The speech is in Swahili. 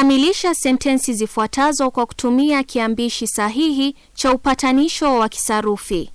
Kamilisha sentensi zifuatazo kwa kutumia kiambishi sahihi cha upatanisho wa kisarufi.